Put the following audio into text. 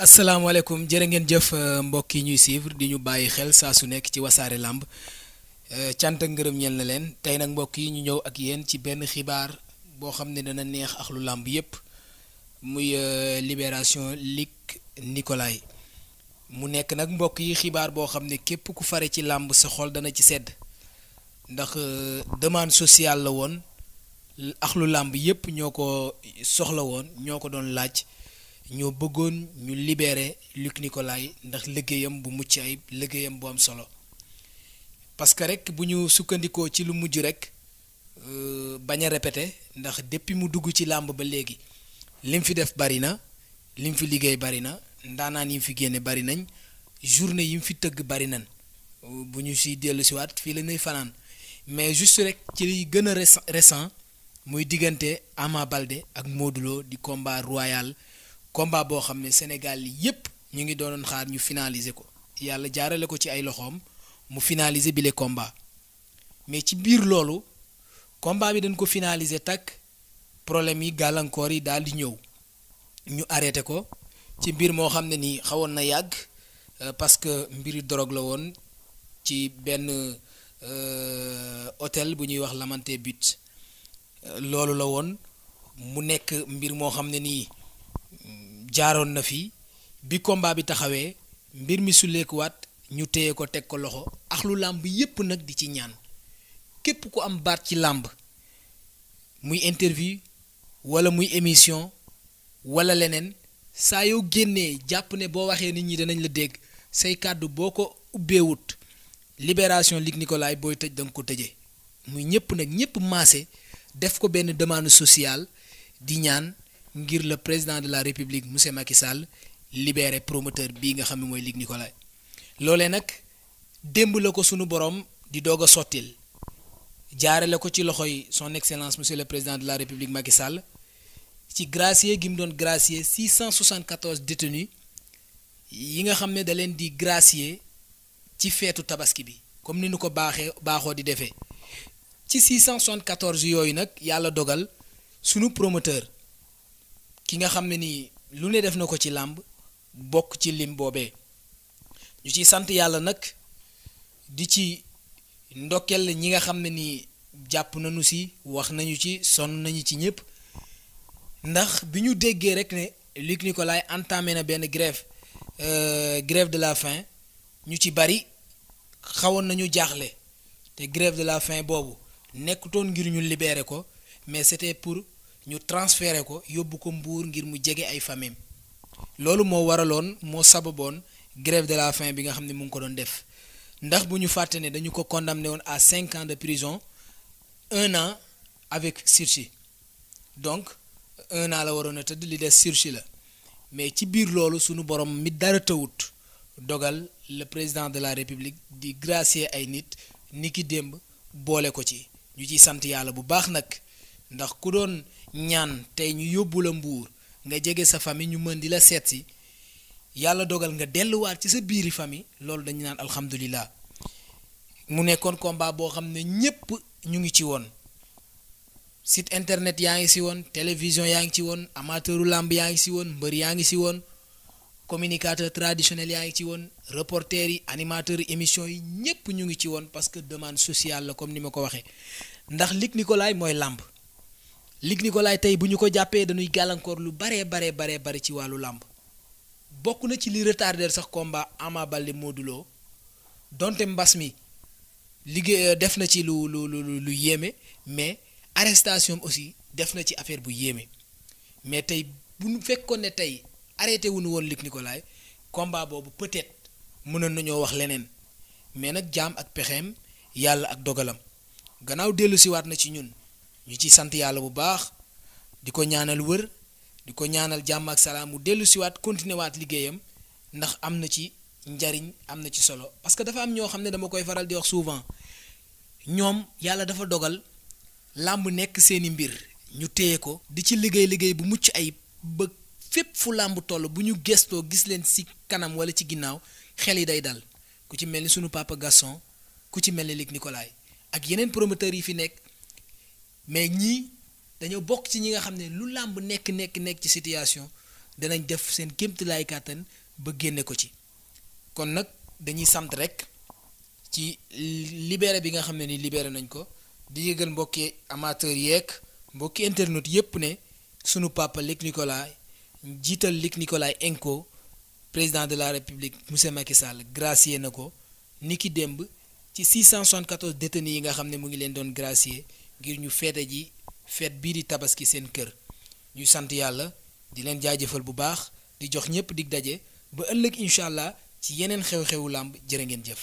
asalaamaaleykum jërë ngeen jëf euh, mbokk yi ñuy suivre di ñu bàyyi xel saa su nekk ci wasaare làmb euh, cant ngërëm ñel na leen tey nag mbokk yi ñu ñëw ak yéen ci benn xibaar boo xam ne dana neex ak làmb yépp muy euh, libération Luc Nicolaï mu nekk nag mbokk yi xibaar boo xam ne képp ku fare ci làmb sa xol dana ci sedd ndax demande social la woon ak làmb yépp ñoo ko soxla woon ñoo ko doon laaj ñoo bëggoon ñu libérer Luc Nicolaï ndax liggéeyam bu mucc ayib liggéeyam bu am solo parce que rek bu ñu sukkandikoo ci lu mujj rek euh, bañ a répété ndax depuis mu dugg ci làmb ba léegi lim fi def bari na lim fi liggéey bari na ndaanaan yim fi génne bari nañ journée yim fi tëgg bari nañ euh, bu ñu si dellu siwaat fii la fanaan mais juste rek ci li gën a récent muy diggante Ama Baldé ak Modou di combat royal combat boo xam ne Sénégal yépp ñu ngi doonoon xaar ñu finaliser ko yàlla jaarale ko ci ay loxoom mu finaliser bile combat mais ci biir loolu combat bi dañ ko finaliser takk problème yi gàllankoor yi daal di ñëw ñu arrêté ko ci mbir moo xam ne nii xawoon na yàgg euh, parce que mbiru drogue la woon ci benn euh, hôtel bu ñuy wax Lamante bit euh, loolu la woon mu nekk mbir moo xam ne nii. jaaroon na fi bi combat bi taxawee mbir mi suleekuwaat ñu téye ko teg ko loxo ax lu làmb yépp nag di ci ñaan képp ku am baat ci làmb muy interview wala muy émission wala leneen saa yow génnee jàpp ne boo waxee nit ñi danañ la dégg say kàddu boo ko ubbeewut libération Luc Nicolaï booy tëj da ko tëjee muy ñëpp nag ñëpp maase def ko benn demande sociale di ñaan ngir le président de la république monsieur Macky Sall libéré promoteur bii nga xam ne mooy Luc Nicolaï loolee nag démb la ko sunu borom di doog a sottil jaarale ko ci loxo yi son excellence monsieur le président de la république Macky Sall ci gracier gi mu doon gracier 674 détenus yi nga xam ne da leen di gracier ci feetu tabaski bi comme ni nu ko baaxee baaxoo di defee ci 674 yooyu nag yàlla dogal sunu promoteur. ki nga xam ne nii lu ne def na ko ci làmb bokk ci lim boobee ñu ciy sant yàlla nag di ci ndokkel ñi nga xam ne nii jàpp nañu si wax nañu ci sonn nañu ci ñëpp ndax bi ñu déggee rek ne Luc Nicolaï entamé na benn grève euh, grève de la fin ñu ci bari xawoon nañu jaaxle te grève de la fin boobu nekkutoon ngir ñu libérer ko mais c'était pour ñu transféré ko yóbbu ko mbuur ngir mu jege ay famille loolu moo waraloon moo sababoon grève de la fin bi nga xam ne mu ngi ko doon def ndax bu ñu fàtte ne dañu ko condamné woon à cinq ans de prison un an avec sursis donc un an la waroon a tëdd li des sursis la mais ci biir loolu sunu borom mi dara tawut dogal le président de la république di gracier ay nit ni ki démb boole ko ci ñu ciy sant yàlla bu baax nag ndax ku doon. ñaan tey ñu yóbbu la mbuur nga jege sa famille ñu mën di la seet si yàlla dogal nga delluwaat ci sa biiri famille loolu dañu naan alhamdulilah mu nekkoon combat boo xam ne ñépp ñu ngi ci woon site internet yaa ngi si woon télévision yaa ngi ci woon amateuru làmb yaa ngi si woon mbër yaa ngi si woon communicateur traditionnel yaa ngi ci woon reporter yi animateur émission yi ñépp ñu ngi ci woon parce que demande sociale la comme ni ma ko waxee ndax Luc Nicolaï mooy làmb Luc Nicolaï tey bu ñu ko jàppee dañuy gàllankoor lu baree baree baree bari ci wàllu làmb bokk na ci li retardé sax combat Ama Baldé Modou Lo donte mbas mi liggéey euh, def na ci lu lu lu lu yéeme mais arrestation aussi def na ci affaire bu yéeme mais tey bu ñu fekkoon ne tey arrêté wuñu woon Luc Nicolaï combat boobu peut-être mënoon nañoo wax leneen mais nag jaam ak pexeem yàlla ak dogalam gannaaw dellu siwaat na ci ñun ñu ci sant yàlla bu baax di ko ñaanal wër di ko ñaanal jàmm ak salaam mu dellu siwaat continuer waat liggéeyam ndax am na ci njariñ am na ci solo parce que dafa am ñoo xam ne dama koy faral di wax souvent ñoom yàlla dafa dogal làmb nekk seeni mbir ñu téye ko di ci liggéey liggéey bu mucc ayib ba fépp fu làmb toll bu ñu gestoo gis leen ci kanam wala ci ginnaaw xel yi day dal ku ci mel ni sunu papa Gaston ku ci mel ni Luc Nicolaï ak yeneen promoteurs yi fi nekk mais ñii dañoo bokk ci ñi nga xam ne lu làmb nekk nekk nekk ci situation danañ def seen kéemtalaay kàttan ba génne ko ci kon nag dañuy sant rek ci libéré bi nga xam ne ni libéré nañ ko di yëgal mbokki amateur yeeg mbokki internet yépp ne sunu papa Luc Nicolas jiital Luc Nicolas Enco président de la république monsieur Macky Sall gracier na ko niki démb ci 674 détenus yi nga xam ne mu ngi leen doon gracier ngir ñu feete ji feet bii di tabaski seen kër ñuy sant yàlla di leen jaajëfal bu baax di jox ñépp dig daje ba ëllëg incha allah ci yeneen xew-xewu làmb jërë ngeen jëf